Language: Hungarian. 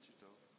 Wichita